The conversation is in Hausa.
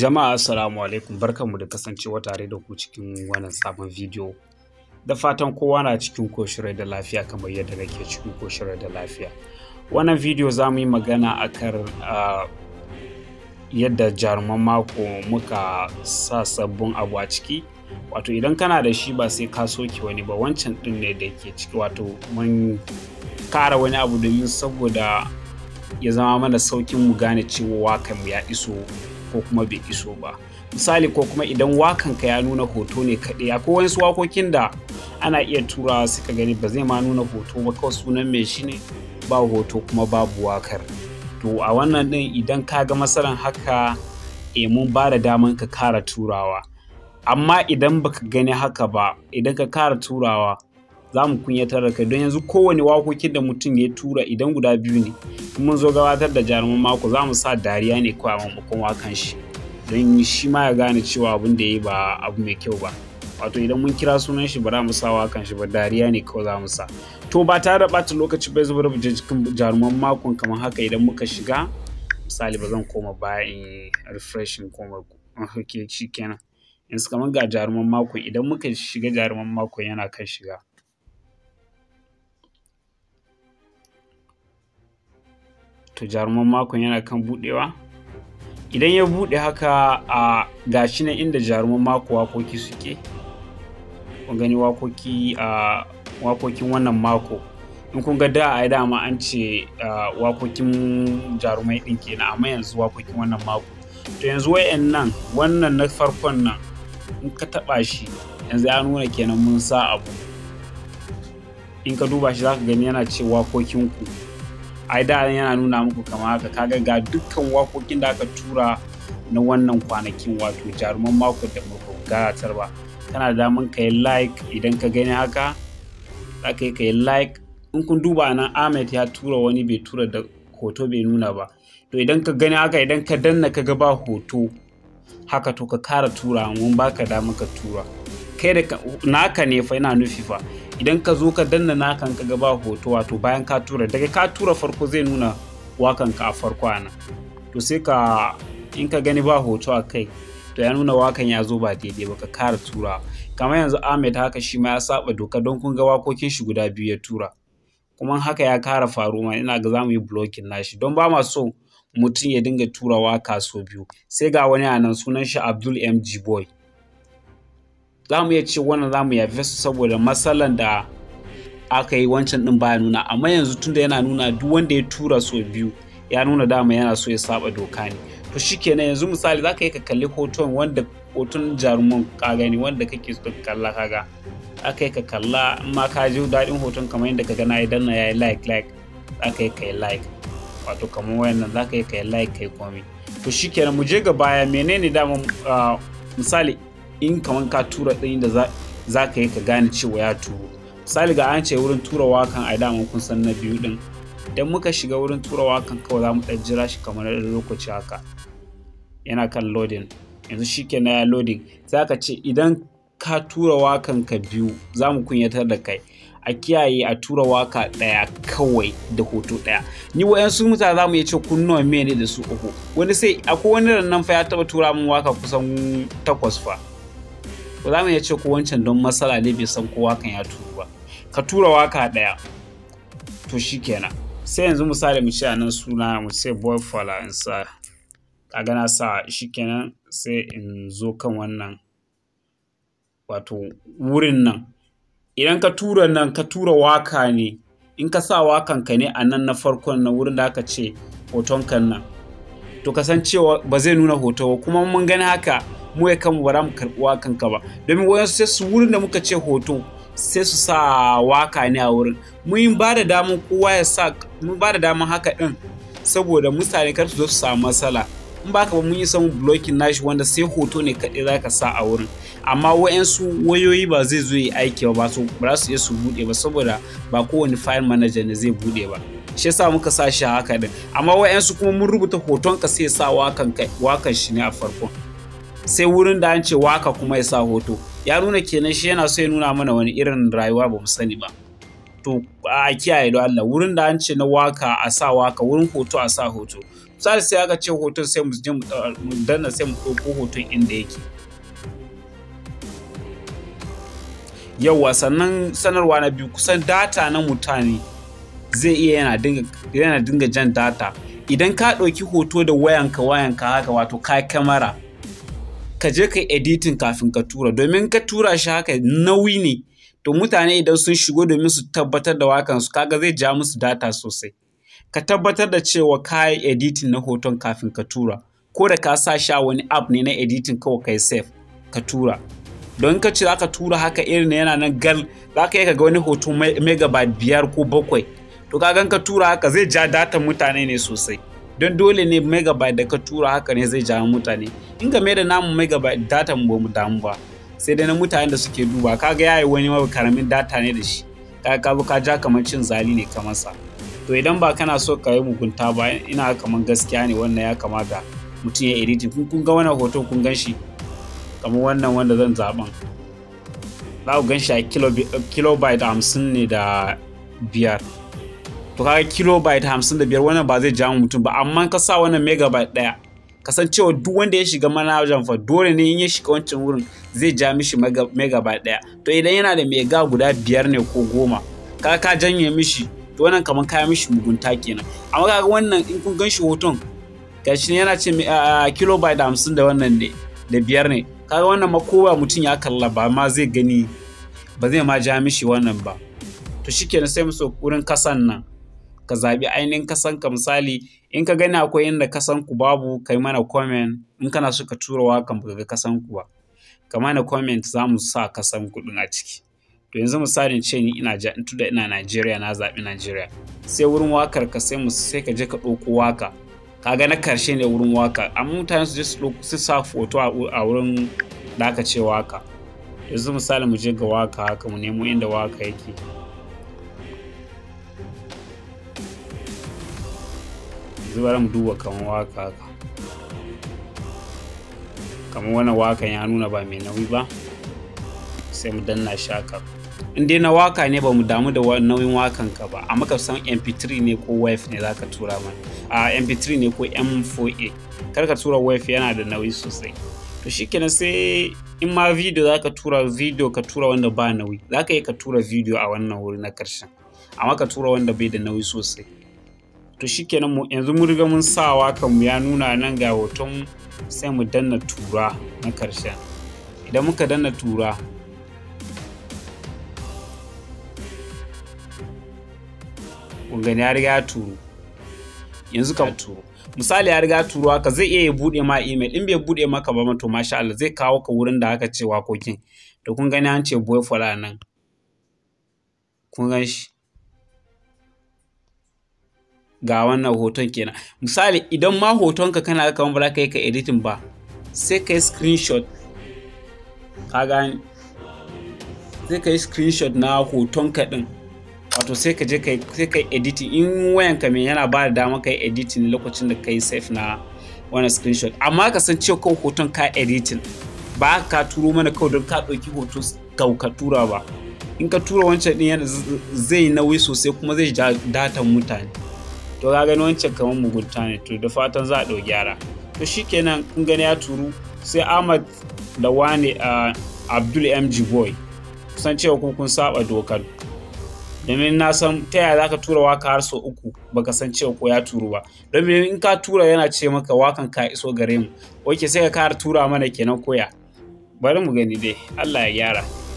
Jama'a assalamu alaikum barkanmu da kasancewa tare da ku cikin wannan sabon bidiyo. Da fatan kowa na cikin koshirai da lafiya kamar yadda nake cikin koshirai da lafiya. Wannan bidiyo za mu yi magana akan kan yadda jaruman mako muka sa sabbin abu a ciki. Wato idan kana da shi ba sai ka soke wani ba wancan ɗin ne da ke ciki wato mun kara wani abu domin saboda ya zama mana saukin mu gane cewa wakan mu ya iso ko kuma bai iso ba misali ko kuma idan wakanka ya nuna hoto ne kaɗai akwai wasu wakokin da ana iya turawa suka gani ba zai ma nuna hoto ba kawai sunan mai shi ne ba hoto kuma babu wakar to a wannan ɗin idan ka ga masaran haka e mun ba da daman ka kara turawa amma idan baka gani haka ba idan ka kara turawa za mu kunyatar da kai don yanzu kowane wakokin da mutum ya tura idan guda biyu ne mun zo gabatar da jaruman mako za mu sa dariya ne kawai a wakan shi don shi ma ya gane cewa abin da ya yi ba abu mai kyau ba wato idan mun kira sunan shi ba za mu sa wakan shi ba dariya ne kawai za mu sa to ba tare da ɓata lokaci bai zubar da cikin jaruman makon kamar haka idan muka shiga misali ba zan koma baya in refreshing koma ok shi kenan yanzu kamar ga jaruman makon idan muka shiga jaruman makon yana kan shiga to jaruman makon yana kan budewa idan ya bude haka a gashi na inda jaruman mako wakoki suke kun gani wakoki a wakokin wannan mako in kun ga da a dama an ce wakokin jarumai din kenan amma yanzu wakokin wannan mako to yanzu wayan nan wannan na farkon nan in ka taba shi yanzu ya nuna kenan mun sa abu in ka duba shi zaka gani yana ce wakokin ku ai da yana nuna muku kamar haka ka ga dukkan wakokin da aka tura na wannan kwanakin wato jaruman mako da muka gatar ba kana da daman ka yi like idan ka gani haka za ka yi ka yi like in kun duba nan ahmed ya tura wani bai tura da hoto bai nuna ba to idan ka gani haka idan ka danna ka ga ba hoto haka to ka kara tura mun baka dama ka tura kai da naka ne fa yana nufi fa idan ka zo ka danna nakan ka gaba hoto wato bayan ka tura daga ka tura farko zai nuna wakan ka a farko ana to sai ka in ka gani ba hoto a kai to ya nuna wakan ya zo ba daidai ba ka kara tura kamar yanzu Ahmed haka shi ma ya saba doka don kun ga wakokin shi guda biyu ya tura kuma haka ya kara faru ma ina ga za yi blocking nashi don ba ma so mutum ya dinga tura waka so biyu sai ga wani a nan sunan shi Abdul MG Boy za mu iya ce wannan za mu yafe su saboda matsalan da aka yi wancan din baya nuna amma yanzu tunda yana nuna duk wanda ya tura so biyu ya nuna dama yana so ya saba doka ne to shikenan yanzu misali zaka yi ka kalli hoton wanda hoton jaruman ka gani wanda kake so ka kalla kaga aka yi ka kalla amma ka ji daɗin hoton kamar yadda ka gana idan na yayi like like zaka yi ka yi like wato kamar wayannan zaka yi ka yi like kai komai to shikenan mu je ga baya menene dama ah, misali in kaman ka tura ɗin da za ka yi ka gane cewa ya turo misali ga an ce wurin tura wakan a daman kun san na biyu ɗin idan muka shiga wurin tura wakan kawai za mu ɗan jira shi kamar ɗan lokaci haka yana kan loading yanzu shi ke na loading za ka ce idan ka tura wakan ka biyu za mu kunyatar da kai a kiyaye a tura waka ɗaya kawai da hoto ɗaya ni wayansu mutane za mu iya ce kunnuwa mene da su uku wani sai akwai wani rannan fa ya taɓa tura min waka kusan takwas fa ba za ce ko wancan don matsala ne bai san kowa kan ya turu ba ka tura waka ɗaya to shi kenan sai yanzu misali mu ce a nan suna mu ce boy fala in sa a gana sa shi kenan sai in zo kan wannan wato wurin nan idan ka tura nan ka tura waka ne in ka sa wakan ka ne a nan na farkon na wurin da aka ce hoton kan nan to kasancewa ba zai nuna hoto ba kuma mun gani haka mu ya kanmu ba za mu karɓi wakanka ba domin wayansu sai su wurin da muka ce hoto sai su sa waka ne a wurin mun ba da kowa ya sa mun ba da daman haka din saboda mutane kar su zo su samu matsala in ba ka ba mun yi samun blocking nashi wanda sai hoto ne kaɗai za ka sa a wurin amma wayansu wayoyi ba zai zo yi aiki ba su ba za su iya su buɗe ba saboda ba kowane file manager ne zai buɗe ba shi sa muka sa shi haka din amma wayansu kuma mun rubuta hoton ka sai sa wakan shi ne a farkon sai wurin da an ce waka kuma ya sa hoto ya nuna kenan shi yana so ya nuna mana wani irin rayuwa ba mu sani ba to a kiyaye don Allah wurin da an ce na waka a sa waka wurin hoto a sa hoto misali sai aka ce hoton sai mu je mu uh, danna sai mu ɗauko hoton inda yake Yau, wasannin sanarwa na biyu kusan data na mutane zai iya yana dinga jan data idan ka ɗauki hoto da wayanka wayanka haka wato ka kamara. ka je ka editin kafin ka tura domin ka tura shi haka nauyi ne to mutane idan sun shigo domin su tabbatar da wakan su kaga zai ja musu data sosai ka tabbatar da cewa ka yi editing na hoton kafin ka tura ko da ka sa sha wani app ne na editing kawai ka yi save ka tura don ka ce zaka tura haka irin yana nan gal zaka yi ga wani hoto megabyte biyar ko bakwai to kagan ka tura haka zai ja data mutane ne sosai don dole ne megabyte da ka tura haka ne zai jawo mutane in game da namu megabyte data mu bamu damu ba sai dai na mutane da suke duba kaga yayi wani ma karamin data ne da shi ka ka ka ja kamar cin zali ne kamar sa to idan ba kana so ka yi mugunta ba ina kamar gaskiya ne wannan ya kamata mutum ya editing kun kun ga wannan hoton kun gan shi kamar wannan wanda zan zaban za ku gan shi a kilobyte hamsin ne da biyar to kaga kilobyte hamsin da biyar wannan ba zai ja mutum ba amma ka sa wannan megabyte ɗaya kasancewa duk wanda ya shiga manajan fa dole ne in ya shiga wancan wurin zai ja mishi megabyte ɗaya to idan yana da mega guda biyar ne ko goma kaga ka janye mishi to wannan kamar kaya mishi mugunta kenan amma kaga wannan in kun ganshi hoton gashi yana ce kilobyte hamsin da wannan ne da biyar ne kaga wannan makowa mutum ya kalla ba ma zai gani ba zai ma ja mishi wannan ba to shikenan sai mu so wurin kasan nan ka zaɓi ainihin kasan ka misali in ka gani akwai inda kasan ku babu kai mana comment in kana so ka tura wakan ba ga kasan ku ba ka mana comment za mu sa kasan kuɗin a ciki to yanzu misalin ce ni ina da ina Najeriya na zaɓi Najeriya sai wurin wakar ka sai mu sai ka je ka ɗauko waka kaga na karshe ne wurin waka amma mutane su je su ɗauko su sa foto a wurin da waka yanzu misali mu je ga waka haka mu nemo inda waka yake yanzu bari mu duba kamar waka haka kamar wannan waka ya nuna ba mai nauyi ba sai mu danna shi haka in dai na waka ne ba mu damu da nauyin wakan ka ba amma ka san mp3 ne ko wife ne zaka tura mana a mp3 ne ko m4a kar ka tura wife yana da nauyi sosai to shikenan sai in ma video zaka tura video ka tura wanda ba nauyi zaka yi ka tura video a wannan wuri na karshen amma ka tura wanda bai da nauyi sosai to shikenan mu yanzu mun riga mun sawa mu ya nuna nan ga hoton sai mu danna tura na karshen idan muka danna tura kun ya riga turu yanzu ka turu misali ya riga turu haka zai iya ya bude ma email in bai bude maka ba to masha Allah zai kawo ka wurin da aka ce wakokin to kun gani an ce boy nan kun gan shi ga wannan hoton kenan misali idan ma hotonka kana kamar ba za ka yi ka editin ba sai ka yi screenshot ka gani sai ka yi screenshot na hotonka din wato sai ka je ka sai ka in wayanka mai yana ba da dama ka yi editin lokacin da ka yi save na wannan screenshot amma ka san cewa kawai hoton ka editin ba ka turo mana kawai don ka ɗauki hoto ka tura ba in ka tura wancan ɗin zai nauyi sosai kuma zai ja datan mutane to ga gani wancan kamar mugunta ne to da fatan za a ɗau gyara to kenan kun gani ya turu sai ahmad lawane a ah, abdul mg boy kusan cewa kun kun saba dokar domin na san ta yaya zaka tura waka har sau uku baka san cewa ko ya turu ba domin in ka tura yana ce maka wakan ka iso gare mu oke sai ka kara tura mana kenan koya bari mu gani dai allah ya gyara